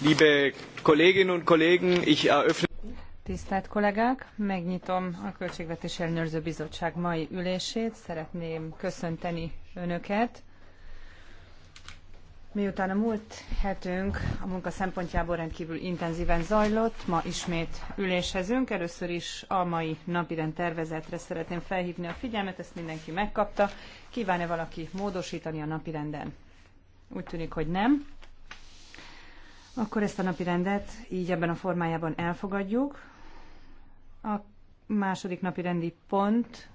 liebe Kolleginnen und Kollegen, ich eröffne Tisztelt kollégák, megnyitom a Költségvetés Ellenőrző Bizottság mai ülését. Szeretném köszönteni Önöket. Miután a múlt hetünk a munka szempontjából rendkívül intenzíven zajlott, ma ismét ülésezünk. Először is a mai napirend tervezetre szeretném felhívni a figyelmet, ezt mindenki megkapta. Kíván-e valaki módosítani a napirenden? Úgy tűnik, hogy nem. Akkor ezt a napi rendet így ebben a formájában elfogadjuk. A második napi rendi pont.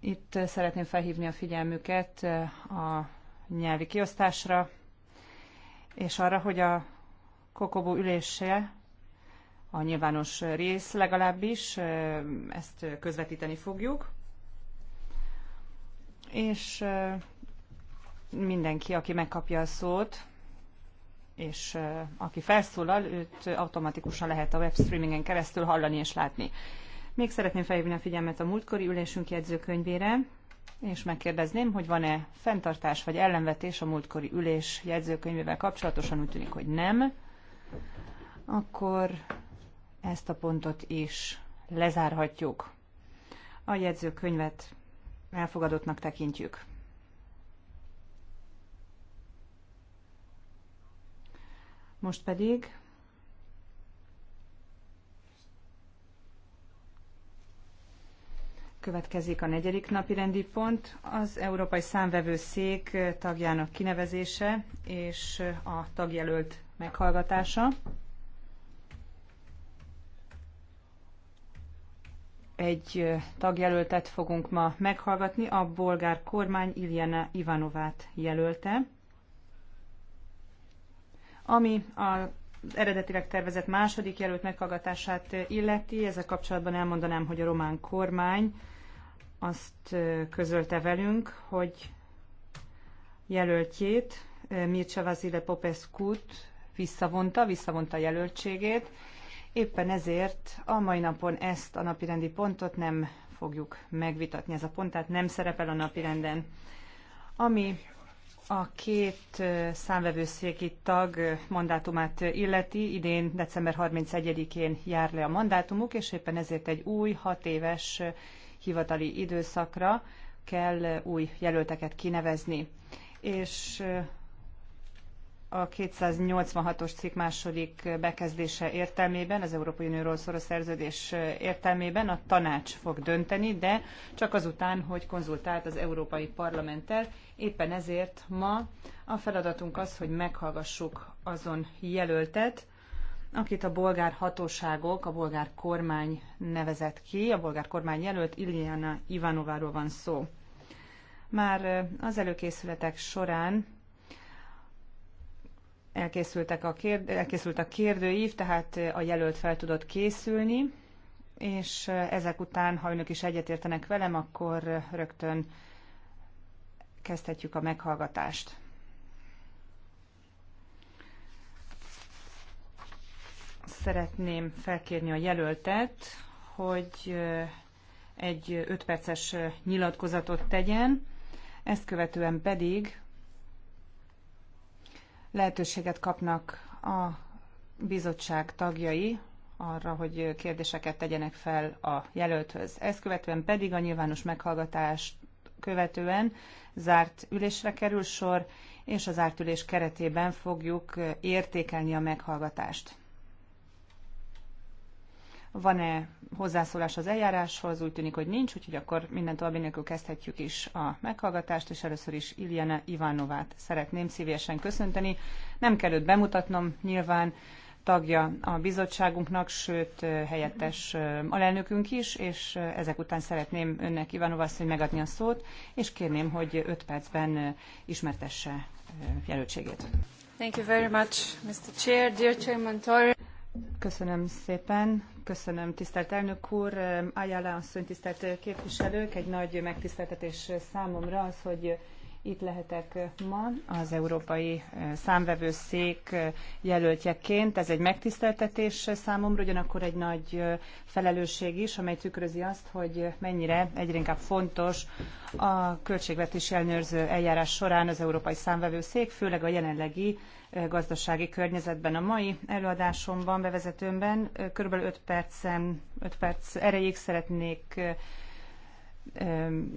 Itt szeretném felhívni a figyelmüket eh, a nyelvi kiosztásra, és arra, hogy a kokobó ülése a nyilvános rész legalábbis, eh, ezt közvetíteni fogjuk. És eh, mindenki, aki megkapja a szót, és aki felszólal, őt automatikusan lehet a webstreamingen keresztül hallani és látni. Még szeretném felhívni a figyelmet a múltkori ülésünk jegyzőkönyvére, és megkérdezném, hogy van-e fenntartás vagy ellenvetés a múltkori ülés jegyzőkönyvével kapcsolatosan, úgy tűnik, hogy nem. Akkor ezt a pontot is lezárhatjuk. A jegyzőkönyvet elfogadottnak tekintjük. Most pedig Következik a negyedik napi rendi pont, az Európai Számvevőszék tagjának kinevezése és a tagjelölt meghallgatása. Egy tagjelöltet fogunk ma meghallgatni, a bolgár kormány Iljana Ivanovát jelölte. Ami a eredetileg tervezett második jelölt meghallgatását illeti, ezzel kapcsolatban elmondanám, hogy a román kormány azt közölte velünk, hogy jelöltjét, Mircea Vasile popescu visszavonta, visszavonta a jelöltségét. Éppen ezért a mai napon ezt a napirendi pontot nem fogjuk megvitatni. Ez a pont tehát nem szerepel a napirenden. Ami a két számvevőszéki tag mandátumát illeti. Idén december 31-én jár le a mandátumuk, és éppen ezért egy új, hat éves hivatali időszakra kell új jelölteket kinevezni. És a 286-os cikk második bekezdése értelmében, az Európai Unióról szóló szerződés értelmében a tanács fog dönteni, de csak azután, hogy konzultált az Európai Parlamenttel. Éppen ezért ma a feladatunk az, hogy meghallgassuk azon jelöltet, akit a bolgár hatóságok, a bolgár kormány nevezett ki, a bolgár kormány jelölt Iliana Ivanováról van szó. Már az előkészületek során elkészültek a, kérd, elkészült a kérdőív, tehát a jelölt fel tudott készülni, és ezek után, ha önök is egyetértenek velem, akkor rögtön kezdhetjük a meghallgatást. Szeretném felkérni a jelöltet, hogy eh, egy 5 perces eh, nyilatkozatot tegyen, ezt követően pedig lehetőséget kapnak a bizottság tagjai arra, hogy kérdéseket tegyenek fel a jelölthöz. Ezt követően pedig a nyilvános meghallgatást követően zárt ülésre kerül sor, és az zárt ülés keretében fogjuk értékelni a meghallgatást. Van-e hozzászólás az eljáráshoz? Úgy tűnik, hogy nincs, úgyhogy akkor minden további nélkül kezdhetjük is a meghallgatást, és először is Iljana Ivánovát szeretném szívesen köszönteni. Nem kell őt bemutatnom, nyilván tagja a bizottságunknak, sőt helyettes alelnökünk is, és ezek után szeretném önnek Ivanov asszony megadni a szót, és kérném, hogy 5 percben ismertesse jelöltségét. Thank you very much, Mr. Chair, dear Chairman Torres. Köszönöm szépen, köszönöm tisztelt elnök úr, Ayala asszony, tisztelt képviselők, egy nagy megtiszteltetés számomra az, hogy itt lehetek ma az Európai Számvevőszék jelöltjeként. Ez egy megtiszteltetés számomra, ugyanakkor egy nagy felelősség is, amely tükrözi azt, hogy mennyire egyre inkább fontos a költségvetési ellenőrző eljárás során az Európai Számvevőszék, főleg a jelenlegi gazdasági környezetben. A mai előadásomban, bevezetőmben kb. 5 percen, 5 perc erejéig szeretnék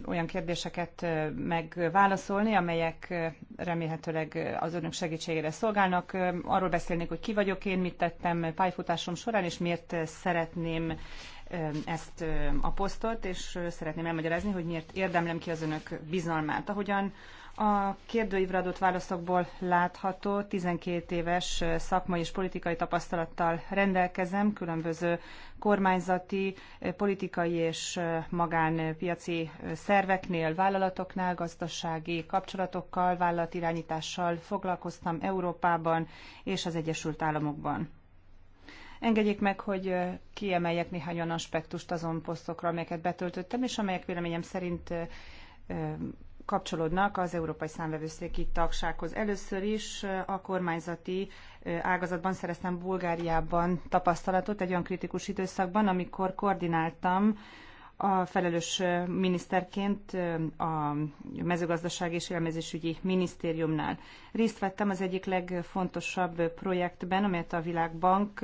olyan kérdéseket megválaszolni, amelyek remélhetőleg az önök segítségére szolgálnak. Arról beszélnék, hogy ki vagyok én, mit tettem pályafutásom során, és miért szeretném ezt a posztot, és szeretném elmagyarázni, hogy miért érdemlem ki az önök bizalmát. Ahogyan a kérdőívre adott válaszokból látható, 12 éves szakmai és politikai tapasztalattal rendelkezem, különböző kormányzati, politikai és magánpiaci szerveknél, vállalatoknál, gazdasági kapcsolatokkal, vállalatirányítással foglalkoztam Európában és az Egyesült Államokban. Engedjék meg, hogy kiemeljek néhány olyan aspektust azon posztokra, amelyeket betöltöttem, és amelyek véleményem szerint kapcsolódnak az Európai Számvevőszéki tagsághoz. Először is a kormányzati ágazatban szereztem Bulgáriában tapasztalatot egy olyan kritikus időszakban, amikor koordináltam a felelős miniszterként a mezőgazdaság és élmezésügyi minisztériumnál. Részt vettem az egyik legfontosabb projektben, amelyet a Világbank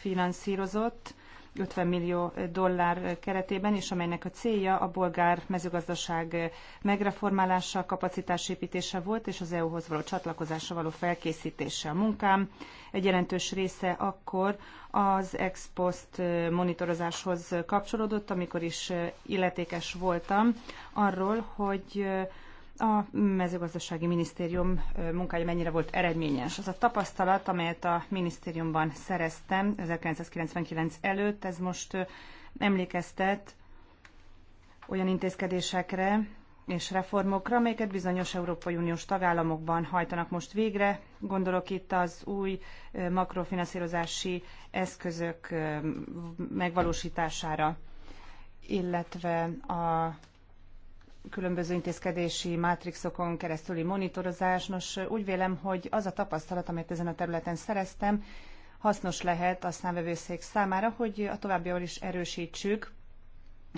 finanszírozott, 50 millió dollár keretében, és amelynek a célja a bolgár mezőgazdaság megreformálása, kapacitásépítése volt, és az EU-hoz való csatlakozásra való felkészítése a munkám. Egy jelentős része akkor az ex post monitorozáshoz kapcsolódott, amikor is illetékes voltam arról, hogy a mezőgazdasági minisztérium munkája mennyire volt eredményes. Az a tapasztalat, amelyet a minisztériumban szereztem 1999 előtt, ez most emlékeztet olyan intézkedésekre és reformokra, amelyeket bizonyos Európai Uniós tagállamokban hajtanak most végre. Gondolok itt az új makrofinanszírozási eszközök megvalósítására, illetve a különböző intézkedési mátrixokon keresztüli monitorozás. Nos, úgy vélem, hogy az a tapasztalat, amit ezen a területen szereztem, hasznos lehet a számvevőszék számára, hogy a továbbiakban is erősítsük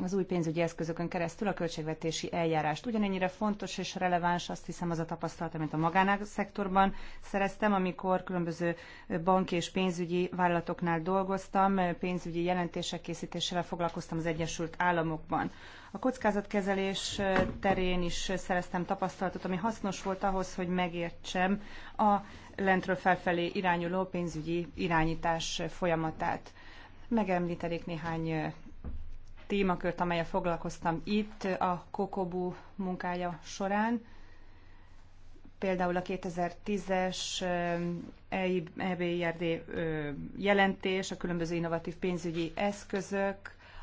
az új pénzügyi eszközökön keresztül a költségvetési eljárást. Ugyanennyire fontos és releváns azt hiszem az a tapasztalat, amit a szektorban szereztem, amikor különböző banki és pénzügyi vállalatoknál dolgoztam, pénzügyi jelentések készítésével foglalkoztam az Egyesült Államokban. A kockázatkezelés terén is szereztem tapasztalatot, ami hasznos volt ahhoz, hogy megértsem a lentről felfelé irányuló pénzügyi irányítás folyamatát megemlítenék néhány témakört, amelyel foglalkoztam itt a Kokobu munkája során. Például a 2010-es EBRD eh, e eh, jelentés, a különböző innovatív pénzügyi eszközök,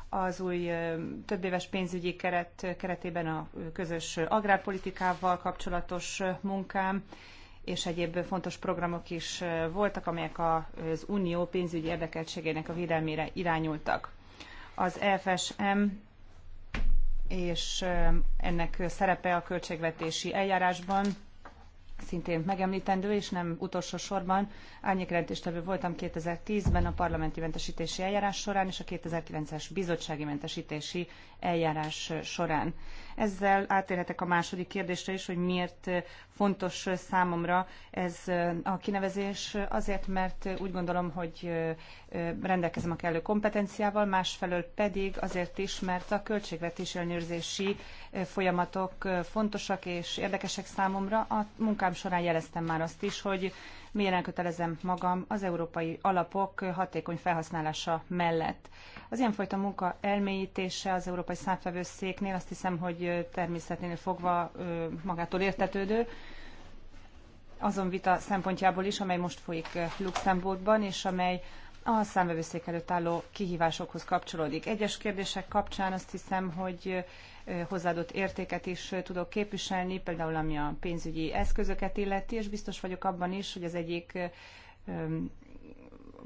az új eh, többéves pénzügyi keret keretében a közös agrárpolitikával kapcsolatos munkám, és egyéb fontos programok is voltak, amelyek az unió pénzügyi érdekeltségének a védelmére irányultak az FSM és um, ennek szerepe a költségvetési eljárásban szintén megemlítendő, és nem utolsó sorban árnyékrendtéstevő voltam 2010-ben a parlamenti mentesítési eljárás során és a 2009-es bizottsági mentesítési eljárás során. Ezzel átérhetek a második kérdésre is, hogy miért fontos számomra ez a kinevezés. Azért, mert úgy gondolom, hogy rendelkezem a kellő kompetenciával, másfelől pedig azért is, mert a költségvetési ellenőrzési folyamatok fontosak és érdekesek számomra. A munkám során jeleztem már azt is, hogy milyen elkötelezem magam az európai alapok hatékony felhasználása mellett. Az ilyenfajta munka elmélyítése az Európai Számfevőszéknél azt hiszem, hogy természeténél fogva magától értetődő, azon vita szempontjából is, amely most folyik Luxemburgban, és amely a számvevőszék előtt álló kihívásokhoz kapcsolódik. Egyes kérdések kapcsán azt hiszem, hogy hozzáadott értéket is tudok képviselni, például ami a pénzügyi eszközöket illeti, és biztos vagyok abban is, hogy az egyik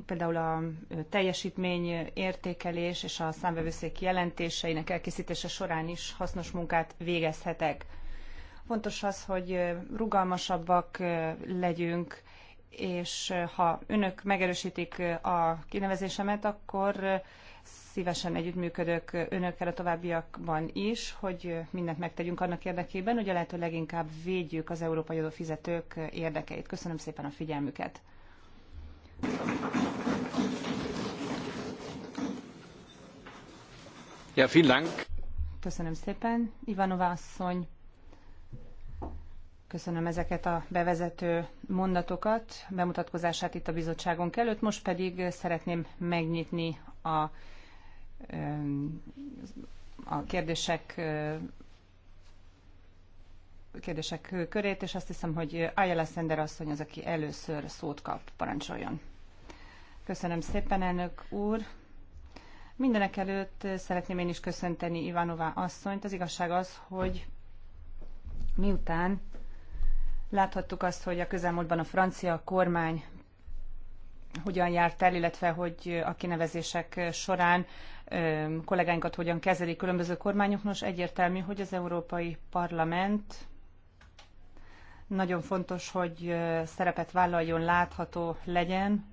például a teljesítmény értékelés és a számvevőszék jelentéseinek elkészítése során is hasznos munkát végezhetek. Fontos az, hogy rugalmasabbak legyünk, és ha önök megerősítik a kinevezésemet, akkor szívesen együttműködök önökkel a továbbiakban is, hogy mindent megtegyünk annak érdekében, hogy a lehető leginkább védjük az európai adófizetők érdekeit. Köszönöm szépen a figyelmüket! Ja, vielen Dank. Köszönöm szépen, Ivanova asszony. Köszönöm ezeket a bevezető mondatokat, bemutatkozását itt a bizottságunk előtt. Most pedig szeretném megnyitni a, a kérdések kérdések körét, és azt hiszem, hogy Ayala Szender asszony az, aki először szót kap. Parancsoljon! Köszönöm szépen, elnök úr. Mindenek előtt eh, szeretném én is köszönteni Ivanová asszonyt. Az igazság az, hogy miután láthattuk azt, hogy a közelmúltban a francia kormány hogyan járt el, illetve hogy a kinevezések során eh, kollégáinkat hogyan kezelik különböző kormányok. Nos, egyértelmű, hogy az Európai Parlament nagyon fontos, hogy eh, szerepet vállaljon, látható legyen,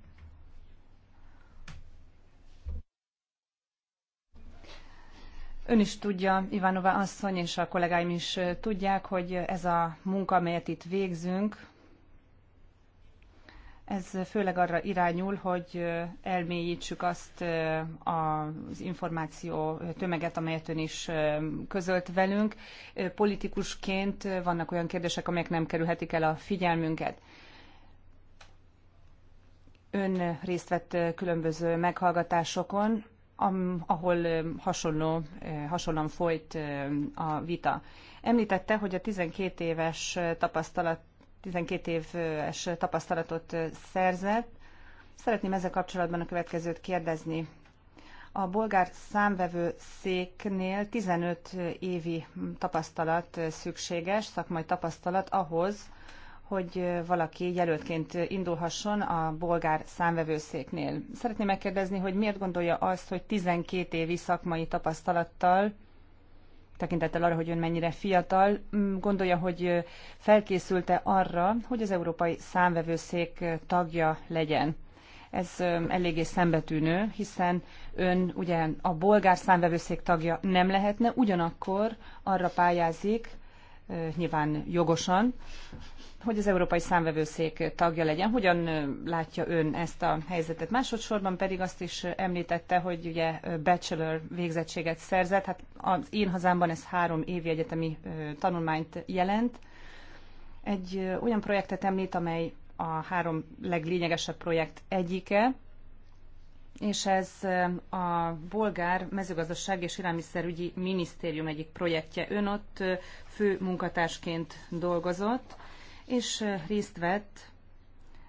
Ön is tudja, Ivanova asszony és a kollégáim is tudják, hogy ez a munka, amelyet itt végzünk, ez főleg arra irányul, hogy elmélyítsük azt az információ tömeget, amelyet ön is közölt velünk. Politikusként vannak olyan kérdések, amelyek nem kerülhetik el a figyelmünket. Ön részt vett különböző meghallgatásokon, ahol hasonló, hasonlóan folyt a vita. Említette, hogy a 12 éves tapasztalat 12 éves tapasztalatot szerzett. Szeretném ezzel kapcsolatban a következőt kérdezni. A bolgár számvevő széknél 15 évi tapasztalat szükséges, szakmai tapasztalat ahhoz, hogy valaki jelöltként indulhasson a bolgár számvevőszéknél. Szeretném megkérdezni, hogy miért gondolja azt, hogy 12 évi szakmai tapasztalattal, tekintettel arra, hogy ön mennyire fiatal, gondolja, hogy felkészülte arra, hogy az Európai Számvevőszék tagja legyen. Ez eléggé szembetűnő, hiszen ön ugye a bolgár számvevőszék tagja nem lehetne, ugyanakkor arra pályázik, nyilván jogosan, hogy az Európai Számvevőszék tagja legyen. Hogyan látja ön ezt a helyzetet? Másodszorban pedig azt is említette, hogy ugye bachelor végzettséget szerzett. Hát az én hazámban ez három évi egyetemi tanulmányt jelent. Egy olyan projektet említ, amely a három leglényegesebb projekt egyike, és ez a bolgár mezőgazdaság és élelmiszerügyi minisztérium egyik projektje. Ön ott fő munkatársként dolgozott, és részt vett,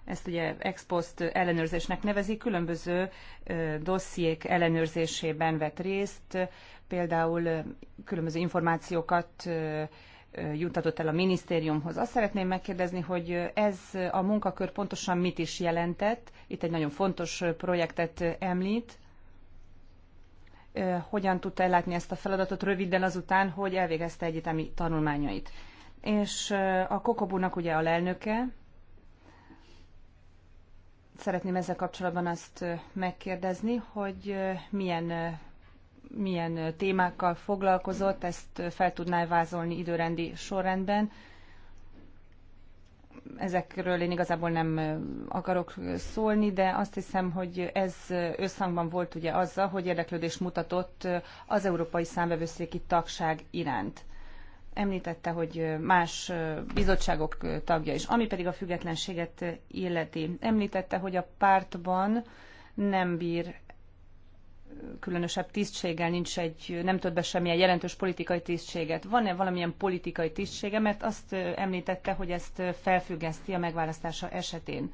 ezt ugye ex post ellenőrzésnek nevezik, különböző dossziék ellenőrzésében vett részt, például különböző információkat juttatott el a minisztériumhoz. Azt szeretném megkérdezni, hogy ez a munkakör pontosan mit is jelentett. Itt egy nagyon fontos projektet említ. Hogyan tudta ellátni ezt a feladatot röviddel azután, hogy elvégezte egyetemi tanulmányait? és a Kokobúnak ugye a lelnöke. Szeretném ezzel kapcsolatban azt megkérdezni, hogy milyen, milyen témákkal foglalkozott, ezt fel tudná vázolni időrendi sorrendben. Ezekről én igazából nem akarok szólni, de azt hiszem, hogy ez összhangban volt ugye azzal, hogy érdeklődést mutatott az európai számbevőszéki tagság iránt említette, hogy más bizottságok tagja is, ami pedig a függetlenséget illeti. Említette, hogy a pártban nem bír különösebb tisztséggel, nincs egy, nem tud be semmilyen jelentős politikai tisztséget. Van-e valamilyen politikai tisztsége, mert azt említette, hogy ezt felfüggeszti a megválasztása esetén.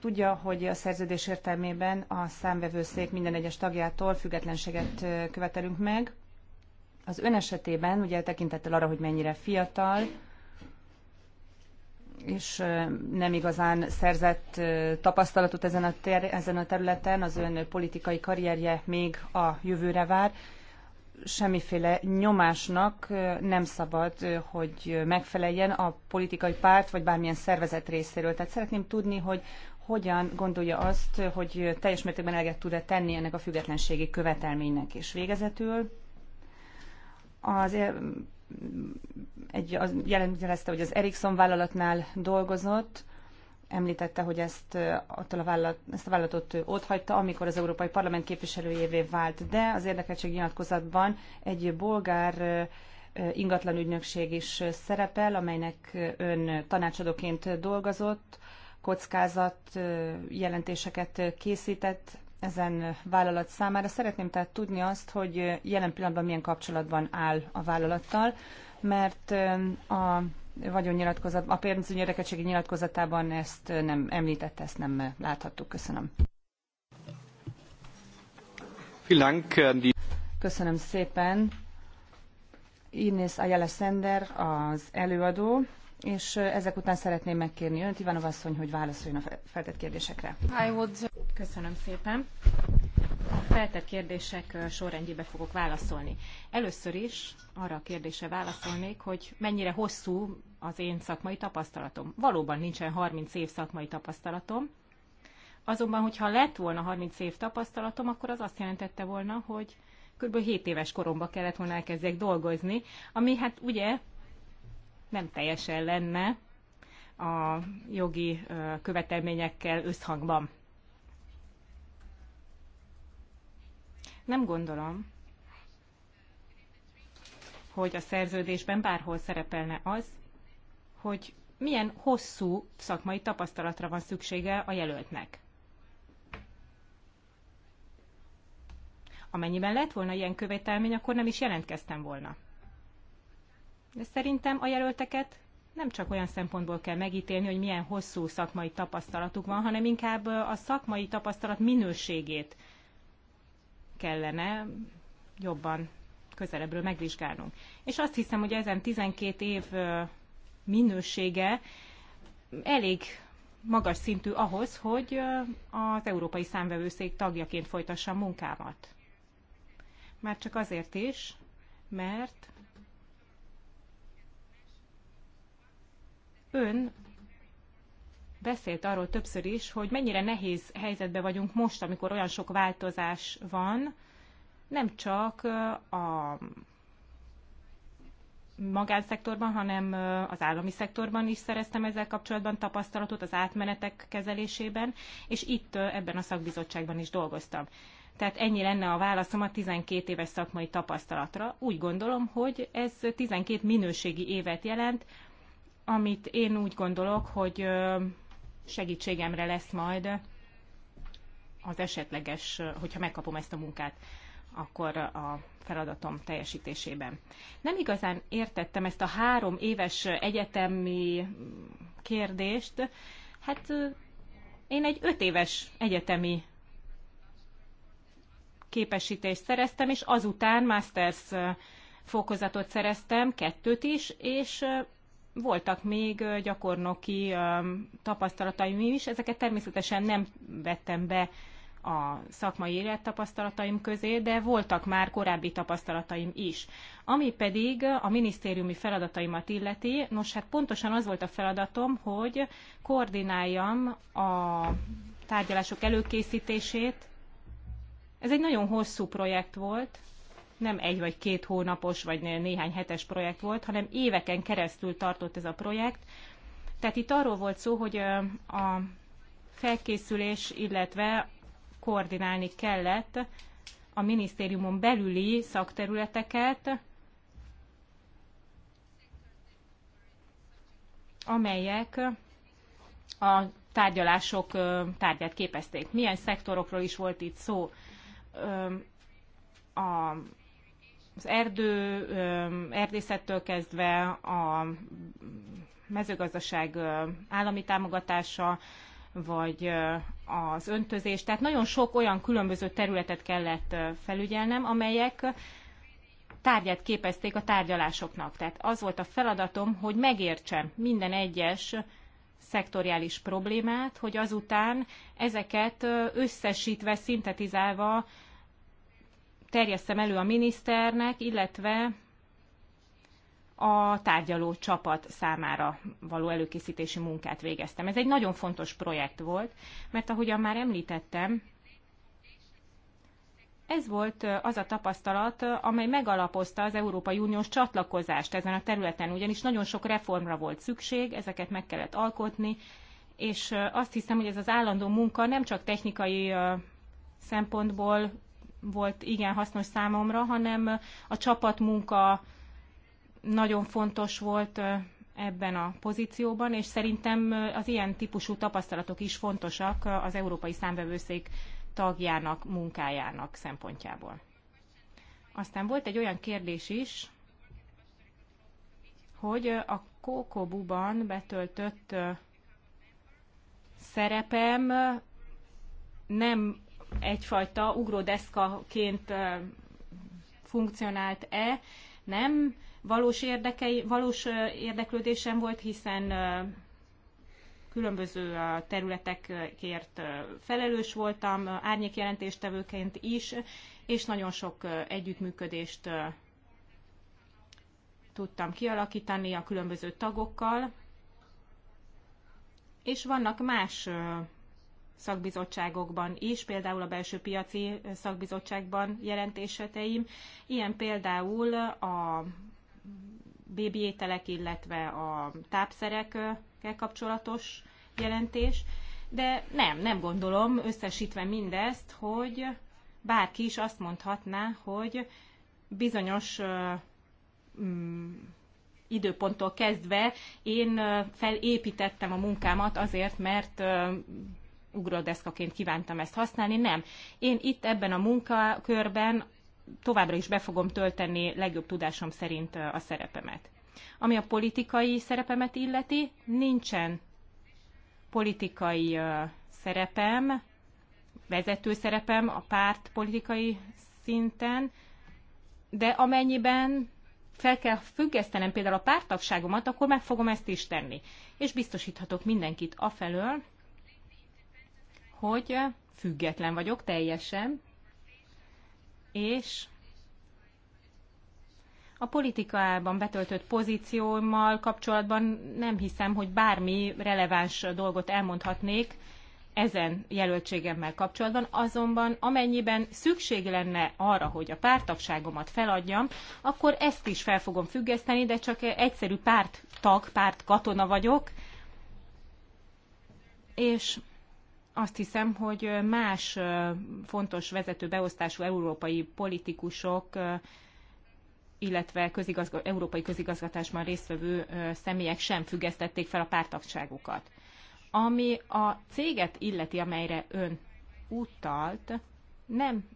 Tudja, hogy a szerződés értelmében a számvevőszék minden egyes tagjától függetlenséget követelünk meg, az ön esetében, ugye tekintettel arra, hogy mennyire fiatal, és nem igazán szerzett tapasztalatot ezen a, ter- ezen a területen, az ön politikai karrierje még a jövőre vár. Semmiféle nyomásnak nem szabad, hogy megfeleljen a politikai párt vagy bármilyen szervezet részéről. Tehát szeretném tudni, hogy hogyan gondolja azt, hogy teljes mértékben eleget tud-e tenni ennek a függetlenségi követelménynek. És végezetül az eh, egy, az jelentkezte, hogy az Ericsson vállalatnál dolgozott, említette, hogy ezt, eh, attól a vállalat, ezt a vállalatot ott hagyta, amikor az Európai Parlament képviselőjévé vált, de az érdekeltség nyilatkozatban egy bolgár eh, ingatlan ügynökség is szerepel, amelynek ön tanácsadóként dolgozott, kockázat jelentéseket készített, ezen vállalat számára. Szeretném tehát tudni azt, hogy jelen pillanatban milyen kapcsolatban áll a vállalattal, mert a vagyonnyilatkozat, a pénzügyi érdekeltségi nyilatkozatában ezt nem említette, ezt nem láthattuk. Köszönöm. Köszönöm szépen. Inés Ayala Sender az előadó, és ezek után szeretném megkérni önt, Ivanov asszony, hogy válaszoljon a feltett kérdésekre. I would... Köszönöm szépen. A feltett kérdések sorrendjébe fogok válaszolni. Először is arra a kérdésre válaszolnék, hogy mennyire hosszú az én szakmai tapasztalatom. Valóban nincsen 30 év szakmai tapasztalatom, azonban, hogyha lett volna 30 év tapasztalatom, akkor az azt jelentette volna, hogy kb. 7 éves koromba kellett volna elkezdjek dolgozni, ami hát ugye nem teljesen lenne a jogi követelményekkel összhangban. Nem gondolom, hogy a szerződésben bárhol szerepelne az, hogy milyen hosszú szakmai tapasztalatra van szüksége a jelöltnek. Amennyiben lett volna ilyen követelmény, akkor nem is jelentkeztem volna. De szerintem a jelölteket nem csak olyan szempontból kell megítélni, hogy milyen hosszú szakmai tapasztalatuk van, hanem inkább a szakmai tapasztalat minőségét kellene jobban közelebbről megvizsgálnunk. És azt hiszem, hogy ezen 12 év minősége elég magas szintű ahhoz, hogy az Európai Számvevőszék tagjaként folytassa a munkámat. Már csak azért is, mert ön beszélt arról többször is, hogy mennyire nehéz helyzetben vagyunk most, amikor olyan sok változás van, nem csak a magánszektorban, hanem az állami szektorban is szereztem ezzel kapcsolatban tapasztalatot az átmenetek kezelésében, és itt ebben a szakbizottságban is dolgoztam. Tehát ennyi lenne a válaszom a 12 éves szakmai tapasztalatra. Úgy gondolom, hogy ez 12 minőségi évet jelent, amit én úgy gondolok, hogy segítségemre lesz majd az esetleges, hogyha megkapom ezt a munkát, akkor a feladatom teljesítésében. Nem igazán értettem ezt a három éves egyetemi kérdést. Hát én egy öt éves egyetemi képesítést szereztem, és azután masters fokozatot szereztem, kettőt is, és voltak még gyakornoki tapasztalataim is, ezeket természetesen nem vettem be a szakmai élet tapasztalataim közé, de voltak már korábbi tapasztalataim is. Ami pedig a minisztériumi feladataimat illeti, nos hát pontosan az volt a feladatom, hogy koordináljam a tárgyalások előkészítését. Ez egy nagyon hosszú projekt volt, nem egy vagy két hónapos, vagy néhány hetes projekt volt, hanem éveken keresztül tartott ez a projekt. Tehát itt arról volt szó, hogy a felkészülés, illetve koordinálni kellett a minisztériumon belüli szakterületeket, amelyek a tárgyalások tárgyát képezték. Milyen szektorokról is volt itt szó? a az erdő, erdészettől kezdve a mezőgazdaság állami támogatása, vagy az öntözés. Tehát nagyon sok olyan különböző területet kellett felügyelnem, amelyek tárgyát képezték a tárgyalásoknak. Tehát az volt a feladatom, hogy megértsem minden egyes szektoriális problémát, hogy azután ezeket összesítve, szintetizálva terjesztem elő a miniszternek, illetve a tárgyaló csapat számára való előkészítési munkát végeztem. Ez egy nagyon fontos projekt volt, mert ahogyan már említettem, ez volt az a tapasztalat, amely megalapozta az Európai Uniós csatlakozást ezen a területen, ugyanis nagyon sok reformra volt szükség, ezeket meg kellett alkotni, és azt hiszem, hogy ez az állandó munka nem csak technikai szempontból volt igen hasznos számomra, hanem a csapatmunka nagyon fontos volt ebben a pozícióban, és szerintem az ilyen típusú tapasztalatok is fontosak az Európai Számbevőszék tagjának, munkájának szempontjából. Aztán volt egy olyan kérdés is, hogy a Kókobuban betöltött szerepem nem egyfajta ugródeszkaként funkcionált-e, nem valós, érdekei, valós érdeklődésem volt, hiszen különböző területekért felelős voltam, árnyékjelentéstevőként is, és nagyon sok együttműködést tudtam kialakítani a különböző tagokkal, és vannak más szakbizottságokban is, például a belső piaci szakbizottságban jelentéseteim. Ilyen például a bébi ételek, illetve a tápszerekkel kapcsolatos jelentés, de nem, nem gondolom összesítve mindezt, hogy bárki is azt mondhatná, hogy bizonyos mm, időponttól kezdve én felépítettem a munkámat azért, mert ugrodeszkaként kívántam ezt használni, nem. Én itt ebben a munkakörben továbbra is be fogom tölteni legjobb tudásom szerint a szerepemet. Ami a politikai szerepemet illeti, nincsen politikai szerepem, vezető szerepem a párt politikai szinten, de amennyiben fel kell függesztenem például a pártagságomat, akkor meg fogom ezt is tenni. És biztosíthatok mindenkit afelől, hogy független vagyok teljesen, és a politikában betöltött pozíciómmal kapcsolatban nem hiszem, hogy bármi releváns dolgot elmondhatnék ezen jelöltségemmel kapcsolatban, azonban amennyiben szükség lenne arra, hogy a pártagságomat feladjam, akkor ezt is fel fogom függeszteni, de csak egyszerű párttag, pártkatona vagyok, és azt hiszem, hogy más fontos vezető beosztású európai politikusok, illetve közigazga, európai közigazgatásban résztvevő személyek sem függesztették fel a pártagságukat. Ami a céget illeti, amelyre ön utalt, nem.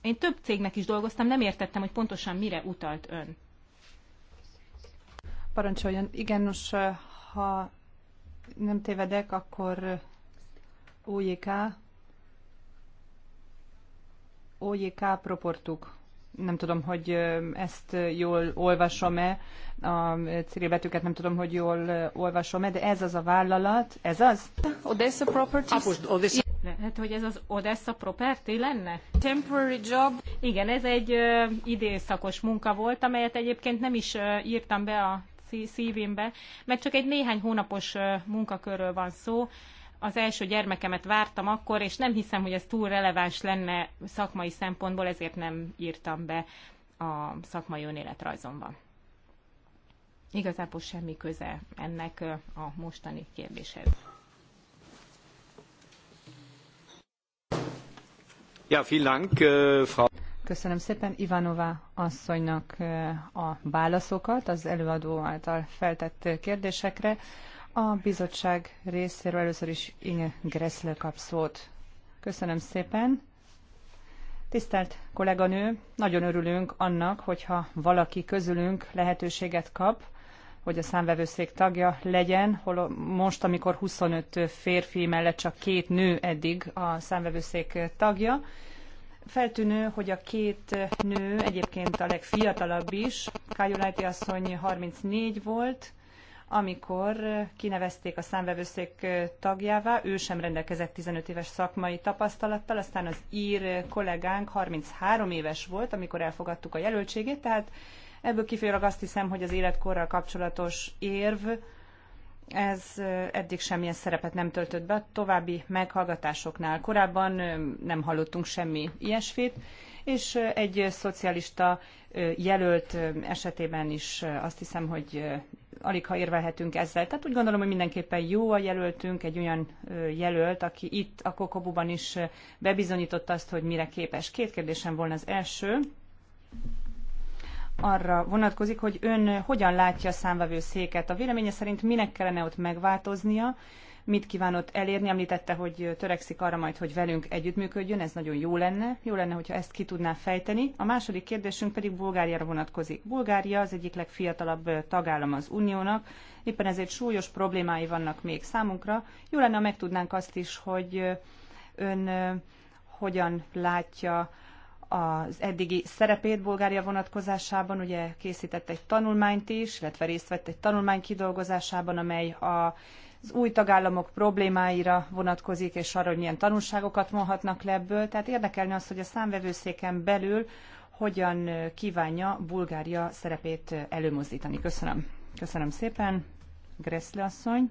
Én több cégnek is dolgoztam, nem értettem, hogy pontosan mire utalt ön. Parancsoljon, igen, most ha nem tévedek, akkor OJK OJK proportuk. Nem tudom, hogy ezt jól olvasom-e, a civil nem tudom, hogy jól olvasom-e, de ez az a vállalat, ez az? Odessa Properties. Ah, Odessa. Lehet, hogy ez az Odessa Property lenne? Temporary job. Igen, ez egy ö, időszakos munka volt, amelyet egyébként nem is ö, írtam be a szívimbe, mert csak egy néhány hónapos ö, munkakörről van szó, az első gyermekemet vártam akkor, és nem hiszem, hogy ez túl releváns lenne szakmai szempontból, ezért nem írtam be a szakmai önéletrajzomba. Igazából semmi köze ennek a mostani kérdéshez. Ja, vielen Dank, äh, Frau. Köszönöm szépen Ivanova asszonynak a válaszokat az előadó által feltett kérdésekre. A bizottság részéről először is Inge Gressle kap szót. Köszönöm szépen. Tisztelt kolléganő, nagyon örülünk annak, hogyha valaki közülünk lehetőséget kap, hogy a számvevőszék tagja legyen, hol most, amikor 25 férfi mellett csak két nő eddig a számvevőszék tagja, feltűnő, hogy a két nő egyébként a legfiatalabb is. Kájolajti asszony 34 volt, amikor kinevezték a számvevőszék tagjává, ő sem rendelkezett 15 éves szakmai tapasztalattal, aztán az ír kollégánk 33 éves volt, amikor elfogadtuk a jelöltségét, tehát ebből kifejezőleg azt hiszem, hogy az életkorral kapcsolatos érv ez eddig semmilyen szerepet nem töltött be a további meghallgatásoknál. Korábban nem hallottunk semmi ilyesfét, és egy szocialista jelölt esetében is azt hiszem, hogy alig ha érvelhetünk ezzel. Tehát úgy gondolom, hogy mindenképpen jó a jelöltünk, egy olyan jelölt, aki itt a Kokobuban is bebizonyította azt, hogy mire képes. Két kérdésem volna az első arra vonatkozik, hogy ön hogyan látja a széket? A véleménye szerint minek kellene ott megváltoznia, mit kívánott elérni. Említette, hogy törekszik arra majd, hogy velünk együttműködjön, ez nagyon jó lenne. Jó lenne, hogyha ezt ki tudná fejteni. A második kérdésünk pedig Bulgáriára vonatkozik. Bulgária az egyik legfiatalabb tagállam az Uniónak, éppen ezért súlyos problémái vannak még számunkra. Jó lenne, ha megtudnánk azt is, hogy ön hogyan látja az eddigi szerepét Bulgária vonatkozásában, ugye készített egy tanulmányt is, illetve részt vett egy tanulmány kidolgozásában, amely a az új tagállamok problémáira vonatkozik, és arra, hogy milyen tanulságokat vonhatnak le ebből. Tehát érdekelne az, hogy a számvevőszéken belül hogyan kívánja Bulgária szerepét előmozdítani. Köszönöm. Köszönöm szépen, Greszle asszony.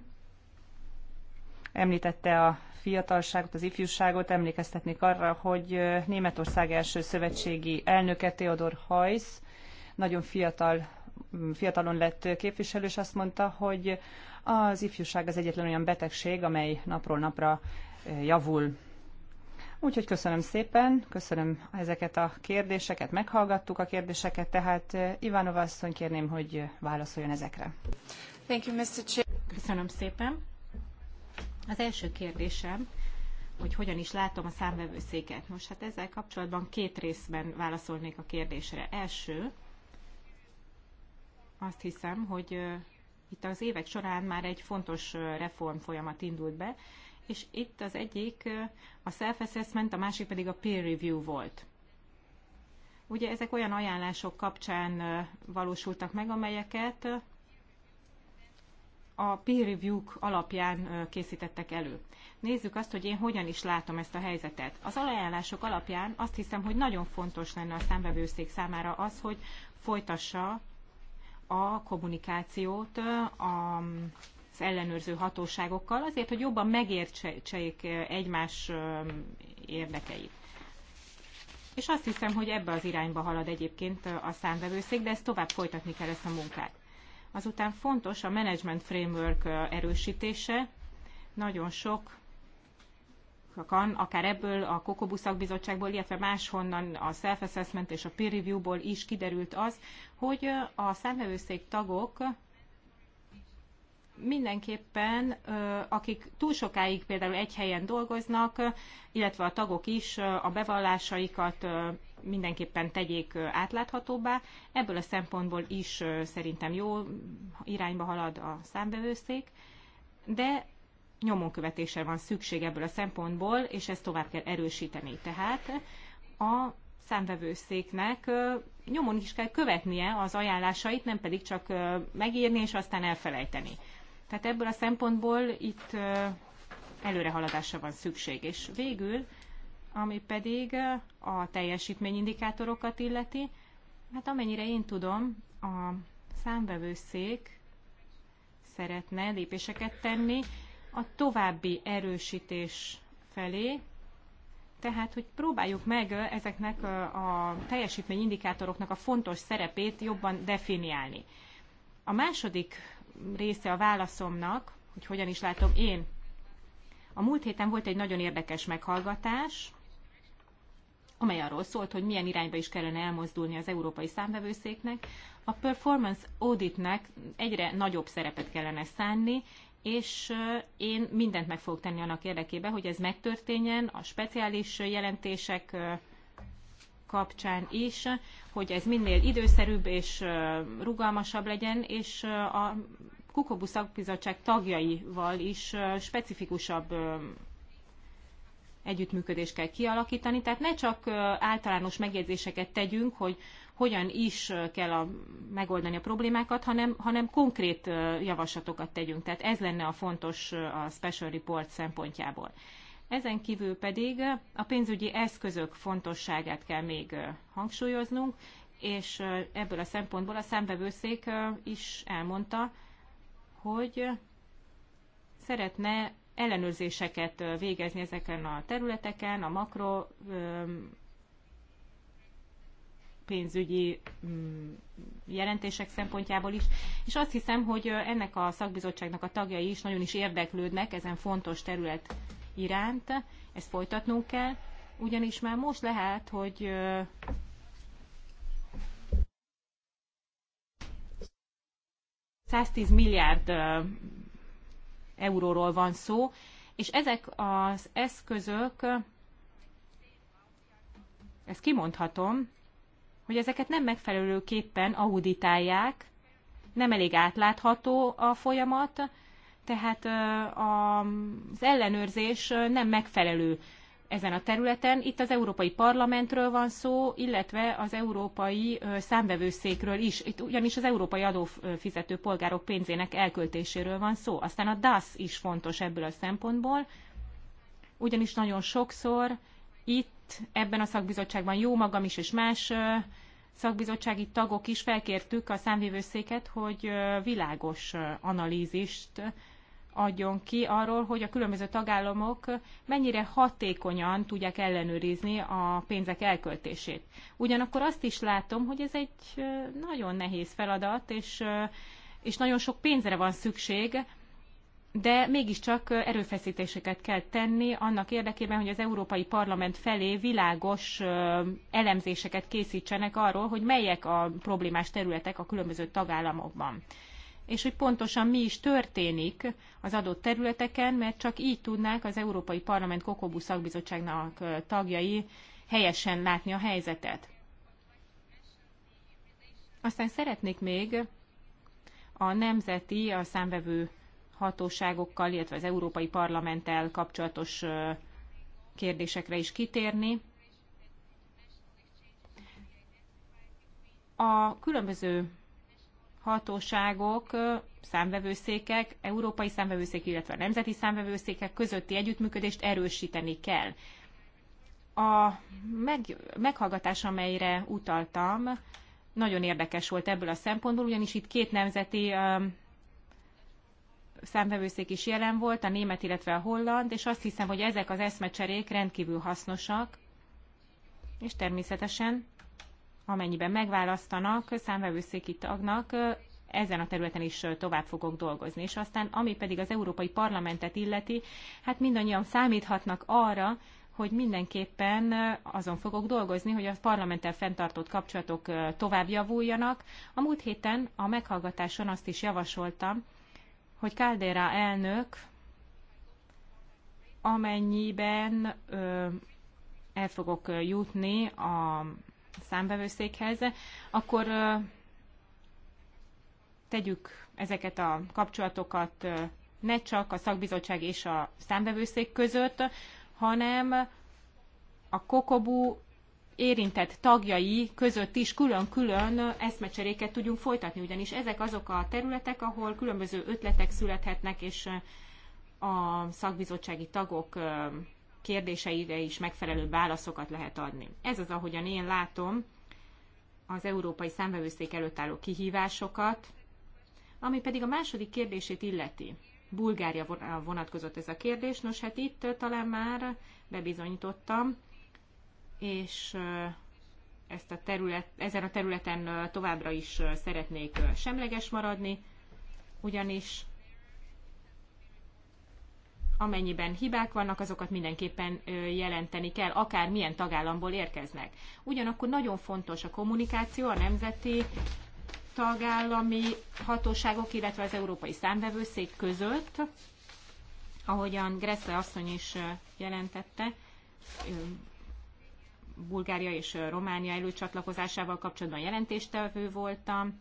Említette a fiatalságot, az ifjúságot, emlékeztetnék arra, hogy Németország első szövetségi elnöke Theodor Heuss nagyon fiatal, fiatalon lett képviselő, és azt mondta, hogy az ifjúság az egyetlen olyan betegség, amely napról napra javul. Úgyhogy köszönöm szépen, köszönöm ezeket a kérdéseket, meghallgattuk a kérdéseket, tehát Ivanova asszony kérném, hogy válaszoljon ezekre. Thank you, Mr. Chair. Köszönöm szépen. Az első kérdésem, hogy hogyan is látom a számvevőszéket. Most hát ezzel kapcsolatban két részben válaszolnék a kérdésre. Első, azt hiszem, hogy itt az évek során már egy fontos reform folyamat indult be, és itt az egyik a self-assessment, a másik pedig a peer review volt. Ugye ezek olyan ajánlások kapcsán valósultak meg, amelyeket a peer review alapján készítettek elő. Nézzük azt, hogy én hogyan is látom ezt a helyzetet. Az ajánlások alapján azt hiszem, hogy nagyon fontos lenne a számbevőszék számára az, hogy folytassa a kommunikációt a az ellenőrző hatóságokkal, azért, hogy jobban megértsék egymás érdekeit. És azt hiszem, hogy ebbe az irányba halad egyébként a számvevőszék, de ezt tovább folytatni kell ezt a munkát. Azután fontos a management framework erősítése. Nagyon sok sokan, akár ebből a kokobuszak szakbizottságból, illetve máshonnan a self-assessment és a peer review-ból is kiderült az, hogy a számvevőszék tagok mindenképpen, akik túl sokáig például egy helyen dolgoznak, illetve a tagok is a bevallásaikat mindenképpen tegyék átláthatóbbá. Ebből a szempontból is szerintem jó irányba halad a számbevőszék, de nyomonkövetésre van szükség ebből a szempontból, és ezt tovább kell erősíteni. Tehát a számvevőszéknek nyomon is kell követnie az ajánlásait, nem pedig csak megírni és aztán elfelejteni. Tehát ebből a szempontból itt előrehaladásra van szükség. És végül, ami pedig a teljesítményindikátorokat illeti, hát amennyire én tudom, a számvevőszék szeretne lépéseket tenni, a további erősítés felé, tehát, hogy próbáljuk meg ezeknek a teljesítményindikátoroknak a fontos szerepét jobban definiálni. A második része a válaszomnak, hogy hogyan is látom én. A múlt héten volt egy nagyon érdekes meghallgatás, amely arról szólt, hogy milyen irányba is kellene elmozdulni az európai számvevőszéknek. A performance auditnek egyre nagyobb szerepet kellene szánni, és én mindent meg fogok tenni annak érdekében, hogy ez megtörténjen a speciális jelentések kapcsán is, hogy ez minél időszerűbb és rugalmasabb legyen, és a Kukobu szakbizottság tagjaival is specifikusabb együttműködést kell kialakítani, tehát ne csak általános megjegyzéseket tegyünk, hogy hogyan is kell a, megoldani a problémákat, hanem, hanem konkrét javaslatokat tegyünk. Tehát ez lenne a fontos a Special Report szempontjából. Ezen kívül pedig a pénzügyi eszközök fontosságát kell még hangsúlyoznunk, és ebből a szempontból a számbevőszék is elmondta, hogy szeretne ellenőrzéseket végezni ezeken a területeken, a makro pénzügyi mm, jelentések szempontjából is, és azt hiszem, hogy ennek a szakbizottságnak a tagjai is nagyon is érdeklődnek ezen fontos terület iránt, ezt folytatnunk kell, ugyanis már most lehet, hogy ...110 milliárd euróról van szó, és ezek az eszközök, ezt kimondhatom, hogy ezeket nem megfelelőképpen auditálják, nem elég átlátható a folyamat, tehát az ellenőrzés nem megfelelő ezen a területen. Itt az Európai Parlamentről van szó, illetve az Európai Számvevőszékről is. Itt ugyanis az európai adófizető polgárok pénzének elköltéséről van szó. Aztán a DAS is fontos ebből a szempontból, ugyanis nagyon sokszor itt itt ebben a szakbizottságban jó magam is és más szakbizottsági tagok is felkértük a számvívőszéket, hogy világos analízist adjon ki arról, hogy a különböző tagállamok mennyire hatékonyan tudják ellenőrizni a pénzek elköltését. Ugyanakkor azt is látom, hogy ez egy nagyon nehéz feladat, és, és nagyon sok pénzre van szükség de mégiscsak erőfeszítéseket kell tenni annak érdekében, hogy az Európai Parlament felé világos elemzéseket készítsenek arról, hogy melyek a problémás területek a különböző tagállamokban. És hogy pontosan mi is történik az adott területeken, mert csak így tudnák az Európai Parlament Kokobú szakbizottságnak tagjai helyesen látni a helyzetet. Aztán szeretnék még a nemzeti, a számvevő hatóságokkal, illetve az Európai Parlamenttel kapcsolatos kérdésekre is kitérni. A különböző hatóságok, számvevőszékek, európai számvevőszék, illetve nemzeti számvevőszékek közötti együttműködést erősíteni kell. A meg, meghallgatás, amelyre utaltam, nagyon érdekes volt ebből a szempontból, ugyanis itt két nemzeti számvevőszék is jelen volt, a német, illetve a holland, és azt hiszem, hogy ezek az eszmecserék rendkívül hasznosak, és természetesen, amennyiben megválasztanak számvevőszéki tagnak, ezen a területen is tovább fogok dolgozni. És aztán, ami pedig az Európai Parlamentet illeti, hát mindannyian számíthatnak arra, hogy mindenképpen azon fogok dolgozni, hogy a parlamenttel fenntartott kapcsolatok tovább javuljanak. A múlt héten a meghallgatáson azt is javasoltam, hogy Caldera elnök amennyiben ö, el fogok jutni a számbevőszékhez, akkor ö, tegyük ezeket a kapcsolatokat ö, ne csak a szakbizottság és a számbevőszék között, hanem a Kokobu érintett tagjai között is külön-külön eszmecseréket tudjunk folytatni, ugyanis ezek azok a területek, ahol különböző ötletek születhetnek, és a szakbizottsági tagok kérdéseire is megfelelő válaszokat lehet adni. Ez az, ahogyan én látom az Európai számbevőszék előtt álló kihívásokat, ami pedig a második kérdését illeti. Bulgária vonatkozott ez a kérdés. Nos, hát itt talán már bebizonyítottam, és ezt a terület, ezen a területen továbbra is szeretnék semleges maradni, ugyanis amennyiben hibák vannak, azokat mindenképpen jelenteni kell, akár milyen tagállamból érkeznek. Ugyanakkor nagyon fontos a kommunikáció, a nemzeti tagállami hatóságok, illetve az Európai Számvevőszék között, ahogyan Gressze asszony is jelentette, Bulgária és Románia előcsatlakozásával kapcsolatban jelentéstevő voltam,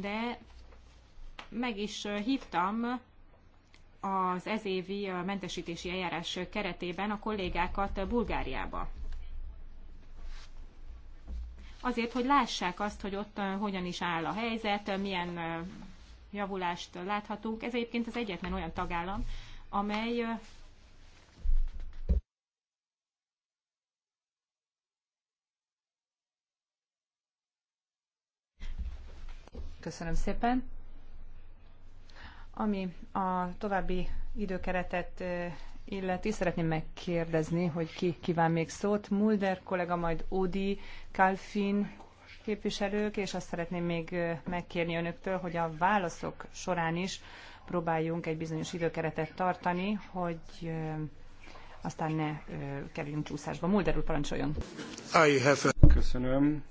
de meg is hívtam az ezévi mentesítési eljárás keretében a kollégákat Bulgáriába. Azért, hogy lássák azt, hogy ott hogyan is áll a helyzet, milyen javulást láthatunk. Ez egyébként az egyetlen olyan tagállam, amely Köszönöm szépen. Ami a további időkeretet illeti, szeretném megkérdezni, hogy ki kíván még szót. Mulder kollega, majd Odi, Kalfin képviselők, és azt szeretném még megkérni önöktől, hogy a válaszok során is próbáljunk egy bizonyos időkeretet tartani, hogy aztán ne kerüljünk csúszásba. Mulder úr, parancsoljon! Köszönöm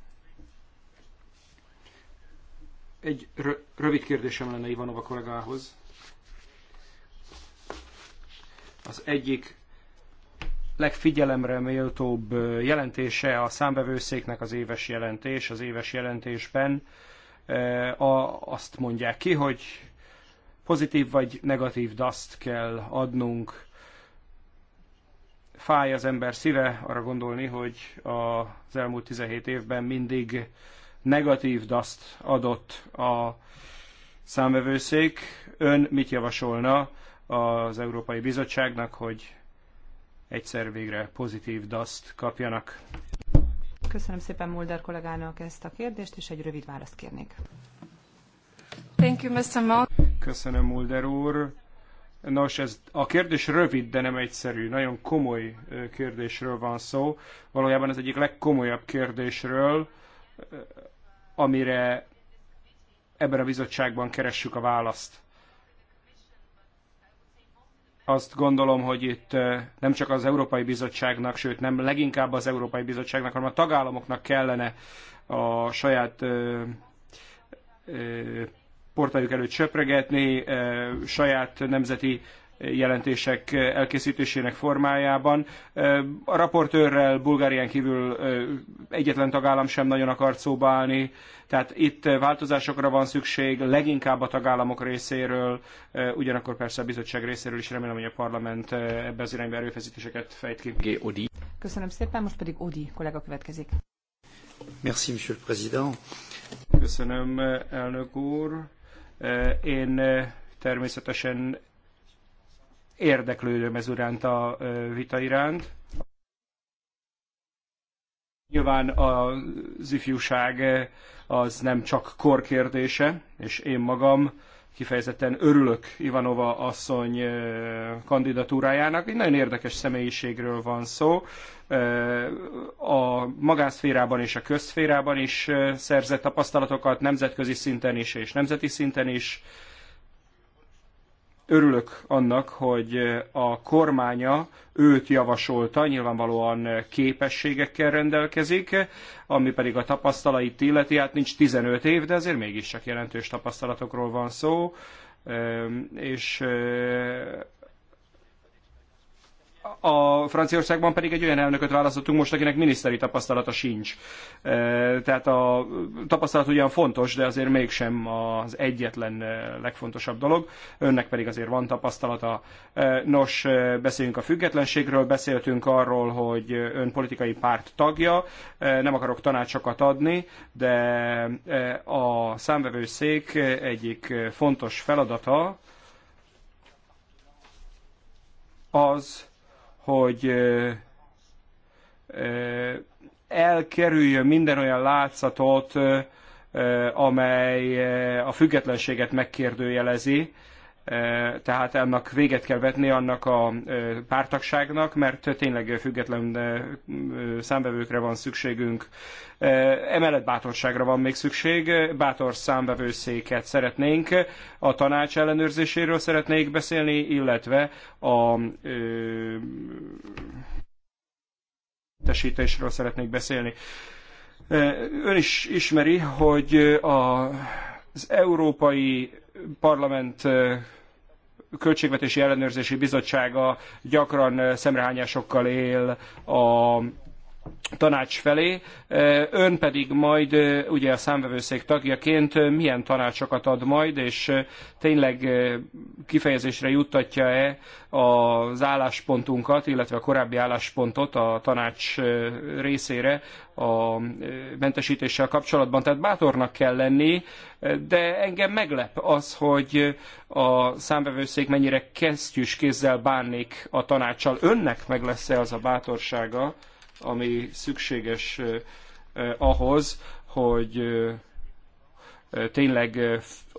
egy rövid kérdésem lenne Ivanova kollégához. Az egyik legfigyelemre méltóbb jelentése a számbevőszéknek az éves jelentés. Az éves jelentésben a, azt mondják ki, hogy pozitív vagy negatív daszt kell adnunk. Fáj az ember szíve arra gondolni, hogy az elmúlt 17 évben mindig negatív daszt adott a számvevőszék. Ön mit javasolna az Európai Bizottságnak, hogy egyszer végre pozitív daszt kapjanak? Köszönöm szépen Mulder kollégának ezt a kérdést, és egy rövid választ kérnék. Thank you, Mr. Mulder. Köszönöm, Mulder úr. Nos, ez a kérdés rövid, de nem egyszerű. Nagyon komoly kérdésről van szó. Valójában ez egyik legkomolyabb kérdésről, amire ebben a bizottságban keressük a választ. Azt gondolom, hogy itt nem csak az Európai Bizottságnak, sőt nem leginkább az Európai Bizottságnak, hanem a tagállamoknak kellene a saját ö, ö, portájuk előtt söpregetni, ö, saját nemzeti jelentések elkészítésének formájában. A raportőrrel Bulgárián kívül egyetlen tagállam sem nagyon akart szóba állni, tehát itt változásokra van szükség, leginkább a tagállamok részéről, ugyanakkor persze a bizottság részéről is remélem, hogy a parlament ebbe az irányba erőfeszítéseket fejt ki. Odi. Köszönöm szépen, most pedig Odi kollega következik. Merci, monsieur le président. Köszönöm, elnök úr. Én természetesen érdeklődöm ez iránt a vita iránt. Nyilván az ifjúság az nem csak kor kérdése, és én magam kifejezetten örülök Ivanova asszony kandidatúrájának. Egy nagyon érdekes személyiségről van szó. A magánszférában és a közszférában is szerzett tapasztalatokat, nemzetközi szinten is és nemzeti szinten is örülök annak, hogy a kormánya őt javasolta, nyilvánvalóan képességekkel rendelkezik, ami pedig a tapasztalait illeti, hát nincs 15 év, de azért mégiscsak jelentős tapasztalatokról van szó, ehm, és a Franciaországban pedig egy olyan elnököt választottunk most, akinek miniszteri tapasztalata sincs. E, tehát a tapasztalat ugyan fontos, de azért mégsem az egyetlen e, legfontosabb dolog. Önnek pedig azért van tapasztalata. E, nos, beszéljünk a függetlenségről, beszéltünk arról, hogy ön politikai párt tagja, nem akarok tanácsokat adni, de a számvevőszék egyik fontos feladata az, hogy elkerüljön minden olyan látszatot, amely a függetlenséget megkérdőjelezi, tehát annak véget kell vetni annak a pártagságnak, mert tényleg független számvevőkre van szükségünk. Emellett bátorságra van még szükség, bátor számvevőszéket szeretnénk, a tanács ellenőrzéséről szeretnék beszélni, illetve a tesítésről szeretnék beszélni. Ön is ismeri, hogy a, az európai parlament Költségvetési Ellenőrzési Bizottsága gyakran szemrehányásokkal él a tanács felé, ön pedig majd ugye a számvevőszék tagjaként milyen tanácsokat ad majd, és tényleg kifejezésre juttatja-e az álláspontunkat, illetve a korábbi álláspontot a tanács részére a mentesítéssel kapcsolatban. Tehát bátornak kell lenni, de engem meglep az, hogy a számvevőszék mennyire kesztyűs kézzel bánik a tanácsal, Önnek meg lesz-e az a bátorsága, ami szükséges ahhoz, hogy tényleg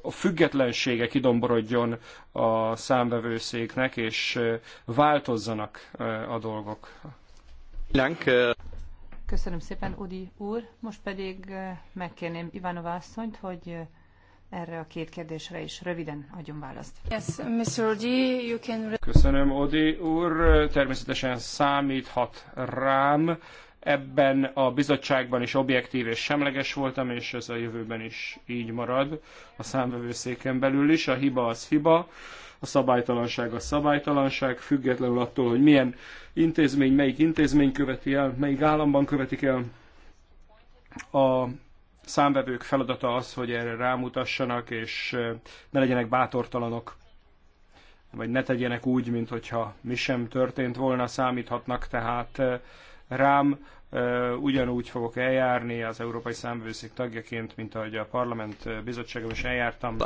a függetlensége kidomborodjon a számbevőszéknek, és változzanak a dolgok. Köszönöm szépen, Udi úr. Most pedig megkérném Ivanova asszonyt, hogy erre a két kérdésre is röviden adjon választ. Yes, Mr. Odi, you can... Köszönöm, Odi úr. Természetesen számíthat rám. Ebben a bizottságban is objektív és semleges voltam, és ez a jövőben is így marad a számvevőszéken belül is. A hiba az hiba, a szabálytalanság a szabálytalanság, függetlenül attól, hogy milyen intézmény, melyik intézmény követi el, melyik államban követik el a számvevők feladata az, hogy erre rámutassanak, és ne legyenek bátortalanok, vagy ne tegyenek úgy, mint hogyha mi sem történt volna, számíthatnak tehát rám. Ugyanúgy fogok eljárni az Európai Számvevőszék tagjaként, mint ahogy a Parlament bizottságom is eljártam.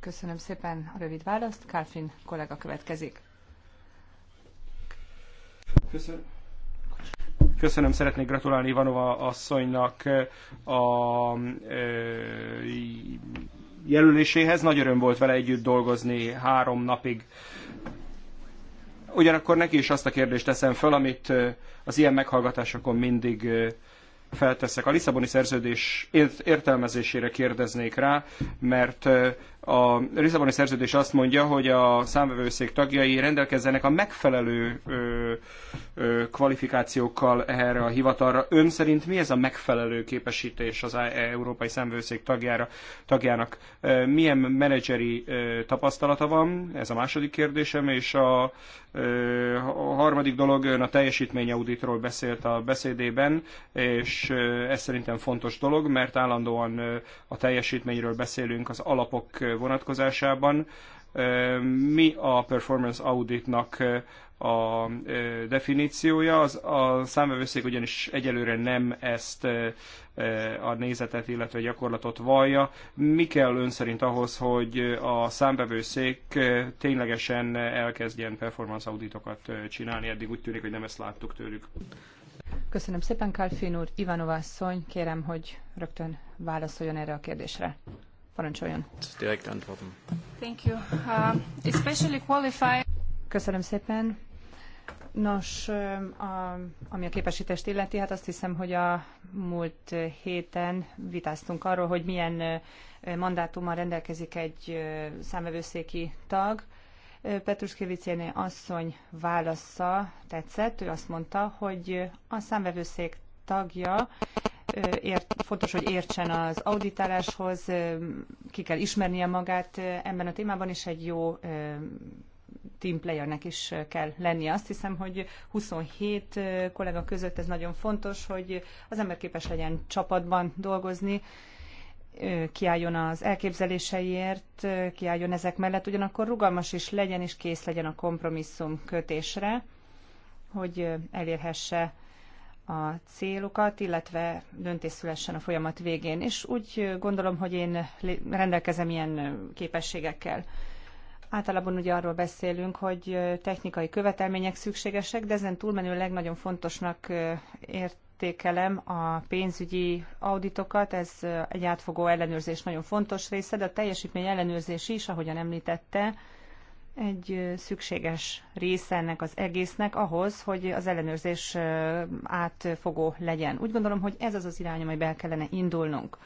Köszönöm szépen a rövid választ. Kárfin kollega következik. Köszönöm. Köszönöm, szeretnék gratulálni Ivanova asszonynak a jelöléséhez. Nagy öröm volt vele együtt dolgozni három napig. Ugyanakkor neki is azt a kérdést teszem föl, amit az ilyen meghallgatásokon mindig felteszek. A Lisszaboni szerződés értelmezésére kérdeznék rá, mert a Lisszaboni szerződés azt mondja, hogy a számvevőszék tagjai rendelkezzenek a megfelelő ö, ö, kvalifikációkkal erre a hivatalra. Ön szerint mi ez a megfelelő képesítés az Európai Számvevőszék tagjára, tagjának? Milyen menedzseri tapasztalata van? Ez a második kérdésem, és a, a harmadik dolog, ön a teljesítményauditról beszélt a beszédében, és ez szerintem fontos dolog, mert állandóan a teljesítményről beszélünk az alapok vonatkozásában. Mi a performance auditnak a definíciója, az, a számvevőszék ugyanis egyelőre nem ezt a nézetet, illetve gyakorlatot vallja. Mi kell ön szerint ahhoz, hogy a számbevőszék ténylegesen elkezdjen performance auditokat csinálni? Eddig úgy tűnik, hogy nem ezt láttuk tőlük. Köszönöm szépen, Kalfin úr. Ivanov asszony, kérem, hogy rögtön válaszoljon erre a kérdésre. Parancsoljon. Direkt Thank you. Uh, especially qualified... Köszönöm szépen. Nos, um, a, ami a képesítést illeti, hát azt hiszem, hogy a múlt héten vitáztunk arról, hogy milyen uh, mandátummal rendelkezik egy uh, számvevőszéki tag, Petruskevicsiené asszony válasza tetszett. Ő azt mondta, hogy a számvevőszék tagja ért, fontos, hogy értsen az auditáláshoz, ki kell ismernie magát ebben a témában, és egy jó team playernek is kell lennie. Azt hiszem, hogy 27 kollega között ez nagyon fontos, hogy az ember képes legyen csapatban dolgozni, kiálljon az elképzeléseiért, kiálljon ezek mellett, ugyanakkor rugalmas is legyen, és kész legyen a kompromisszum kötésre, hogy elérhesse a célokat, illetve döntés szülessen a folyamat végén. És úgy gondolom, hogy én rendelkezem ilyen képességekkel. Általában ugye arról beszélünk, hogy technikai követelmények szükségesek, de ezen túlmenőleg nagyon fontosnak ért értékelem a pénzügyi auditokat, ez egy átfogó ellenőrzés nagyon fontos része, de a teljesítmény ellenőrzés is, ahogyan említette, egy szükséges része ennek az egésznek ahhoz, hogy az ellenőrzés átfogó legyen. Úgy gondolom, hogy ez az az irány, amelybe kellene indulnunk.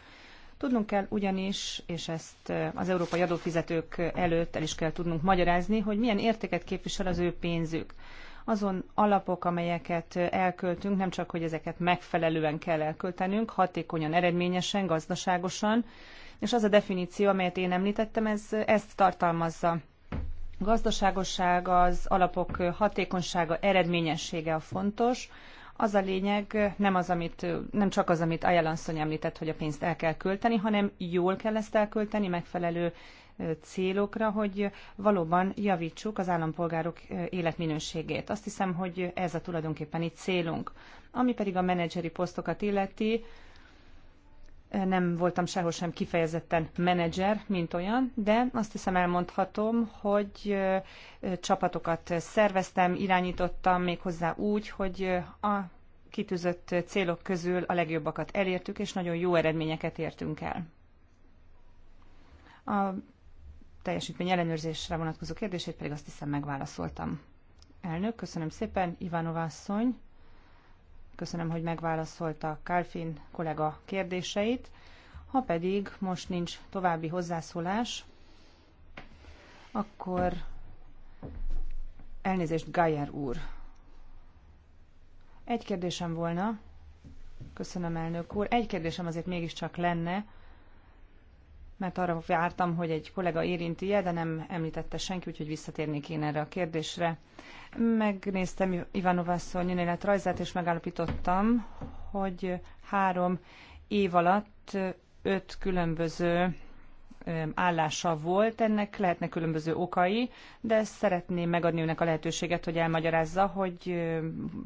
Tudnunk kell ugyanis, és ezt az európai adófizetők előtt el is kell tudnunk magyarázni, hogy milyen értéket képvisel az ő pénzük. Azon alapok, amelyeket elköltünk, nem csak, hogy ezeket megfelelően kell elköltenünk, hatékonyan, eredményesen, gazdaságosan, és az a definíció, amelyet én említettem, ez ezt tartalmazza. Gazdaságosság, az alapok hatékonysága, eredményessége a fontos, az a lényeg, nem, az, amit, nem csak az, amit Ajalanszony említett, hogy a pénzt el kell költeni, hanem jól kell ezt elkölteni, megfelelő célokra, hogy valóban javítsuk az állampolgárok életminőségét. Azt hiszem, hogy ez a tulajdonképpen itt célunk. Ami pedig a menedzseri posztokat illeti, nem voltam sehol sem kifejezetten menedzser, mint olyan, de azt hiszem elmondhatom, hogy csapatokat szerveztem, irányítottam méghozzá úgy, hogy a kitűzött célok közül a legjobbakat elértük, és nagyon jó eredményeket értünk el. A teljesítmény ellenőrzésre vonatkozó kérdését pedig azt hiszem megválaszoltam. Elnök, köszönöm szépen, Ivánova asszony. Köszönöm, hogy megválaszolta Kálfin kollega kérdéseit. Ha pedig most nincs további hozzászólás, akkor elnézést, Gajer úr. Egy kérdésem volna, köszönöm elnök úr, egy kérdésem azért mégiscsak lenne, mert arra vártam, hogy egy kollega érinti -e, de nem említette senki, úgyhogy visszatérnék én erre a kérdésre. Megnéztem Ivanov asszony önéletrajzát, és megállapítottam, hogy három év alatt öt különböző állása volt. Ennek lehetnek különböző okai, de szeretném megadni önnek a lehetőséget, hogy elmagyarázza, hogy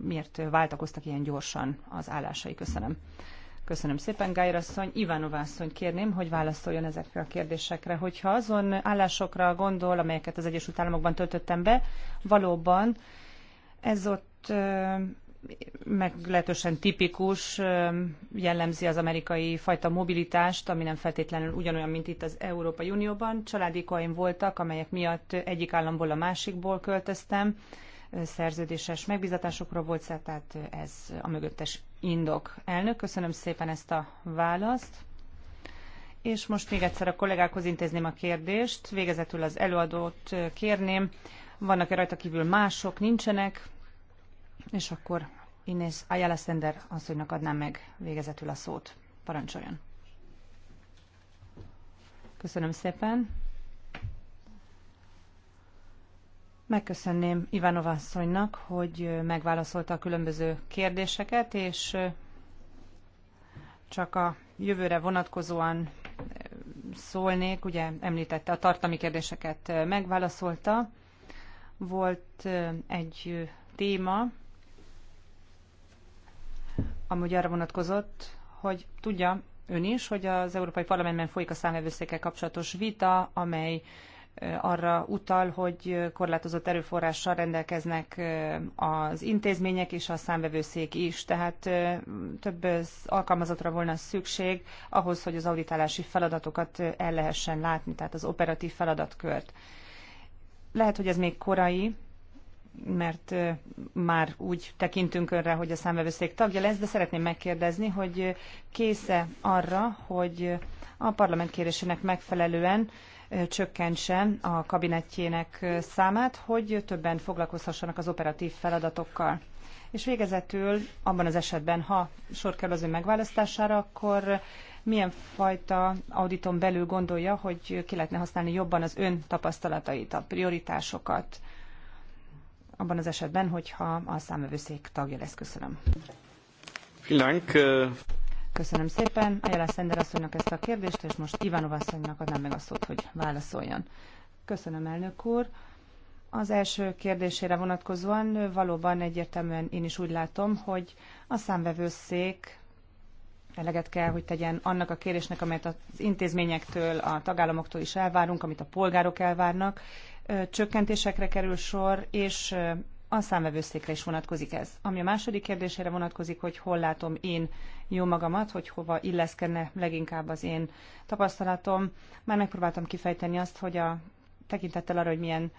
miért váltakoztak ilyen gyorsan az állásai. Köszönöm. Köszönöm szépen, Gájra asszony. Ivanova asszony, kérném, hogy válaszoljon ezekre a kérdésekre. Hogyha azon állásokra gondol, amelyeket az Egyesült Államokban töltöttem be, valóban ez ott meglehetősen tipikus, jellemzi az amerikai fajta mobilitást, ami nem feltétlenül ugyanolyan, mint itt az Európai Unióban. Családikaim voltak, amelyek miatt egyik államból a másikból költöztem szerződéses megbizatásokról volt szert, tehát ez a mögöttes indok. Elnök, köszönöm szépen ezt a választ. És most még egyszer a kollégákhoz intézném a kérdést. Végezetül az előadót kérném. Vannak-e rajta kívül mások? Nincsenek. És akkor Inés Ayala Sender asszonynak adnám meg végezetül a szót. Parancsoljon. Köszönöm szépen. Megköszönném Ivanov asszonynak, hogy megválaszolta a különböző kérdéseket, és csak a jövőre vonatkozóan szólnék, ugye említette a tartalmi kérdéseket megválaszolta. Volt egy téma, amúgy arra vonatkozott, hogy tudja ön is, hogy az Európai Parlamentben folyik a számvevőszékkel kapcsolatos vita, amely Eh, arra utal, hogy eh, korlátozott erőforrással rendelkeznek eh, az intézmények és a számvevőszék is, tehát több alkalmazatra volna szükség ahhoz, hogy az auditálási feladatokat el lehessen látni, tehát az operatív feladatkört. Lehet, hogy ez még korai, mert már úgy tekintünk önre, hogy a számvevőszék tagja lesz, de szeretném megkérdezni, hogy késze arra, hogy a parlament kérésének megfelelően csökkentse a kabinetjének számát, hogy többen foglalkozhassanak az operatív feladatokkal. És végezetül abban az esetben, ha sor kerül az ön megválasztására, akkor milyen fajta auditon belül gondolja, hogy ki lehetne használni jobban az ön tapasztalatait, a prioritásokat, abban az esetben, hogyha a számövőszék tagja lesz. Köszönöm. Äh, Köszönöm szépen. Ajala Szender asszonynak ezt a kérdést, és most Ivanov asszonynak adnám meg a szót, hogy válaszoljon. Köszönöm, elnök úr. Az első kérdésére vonatkozóan valóban egyértelműen én is úgy látom, hogy a számvevőszék eleget kell, hogy tegyen annak a kérésnek, amelyet az intézményektől, a tagállamoktól is elvárunk, amit a polgárok elvárnak, csökkentésekre kerül sor, és a számvevőszékre is vonatkozik ez. Ami a második kérdésére vonatkozik, hogy hol látom én jó magamat, hogy hova illeszkedne leginkább az én tapasztalatom. Már megpróbáltam kifejteni azt, hogy a tekintettel arra, hogy milyen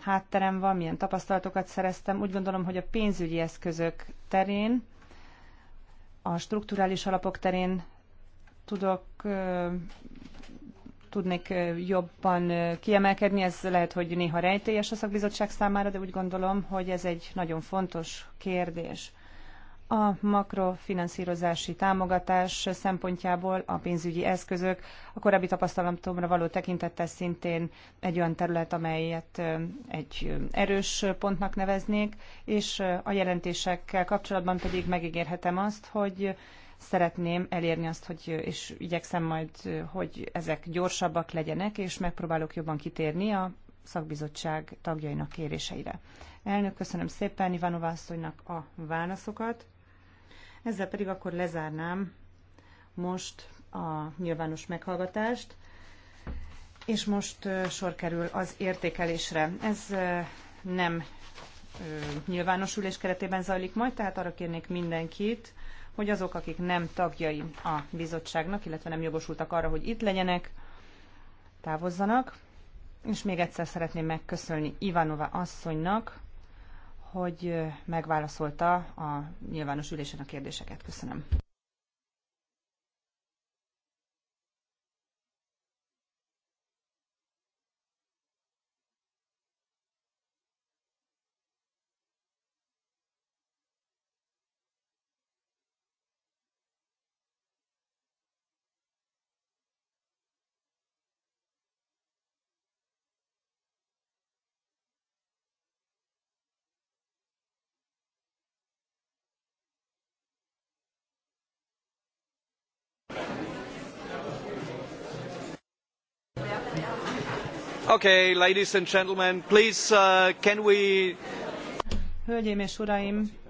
hátterem van, milyen tapasztalatokat szereztem. Úgy gondolom, hogy a pénzügyi eszközök terén, a strukturális alapok terén tudok tudnék jobban kiemelkedni, ez lehet, hogy néha rejtélyes a szakbizottság számára, de úgy gondolom, hogy ez egy nagyon fontos kérdés a makrofinanszírozási támogatás szempontjából a pénzügyi eszközök a korábbi tapasztalatomra való tekintettel szintén egy olyan terület, amelyet egy erős pontnak neveznék, és a jelentésekkel kapcsolatban pedig megígérhetem azt, hogy szeretném elérni azt, hogy, és igyekszem majd, hogy ezek gyorsabbak legyenek, és megpróbálok jobban kitérni a szakbizottság tagjainak kéréseire. Elnök, köszönöm szépen Ivanova asszonynak a válaszokat. Ezzel pedig akkor lezárnám most a nyilvános meghallgatást, és most sor kerül az értékelésre. Ez nem nyilvános ülés keretében zajlik majd, tehát arra kérnék mindenkit, hogy azok, akik nem tagjai a bizottságnak, illetve nem jogosultak arra, hogy itt legyenek, távozzanak. És még egyszer szeretném megköszönni Ivanova asszonynak hogy megválaszolta a nyilvános ülésen a kérdéseket. Köszönöm. Okay, ladies and gentlemen, please, uh, can we... Hölgyeim és uraim,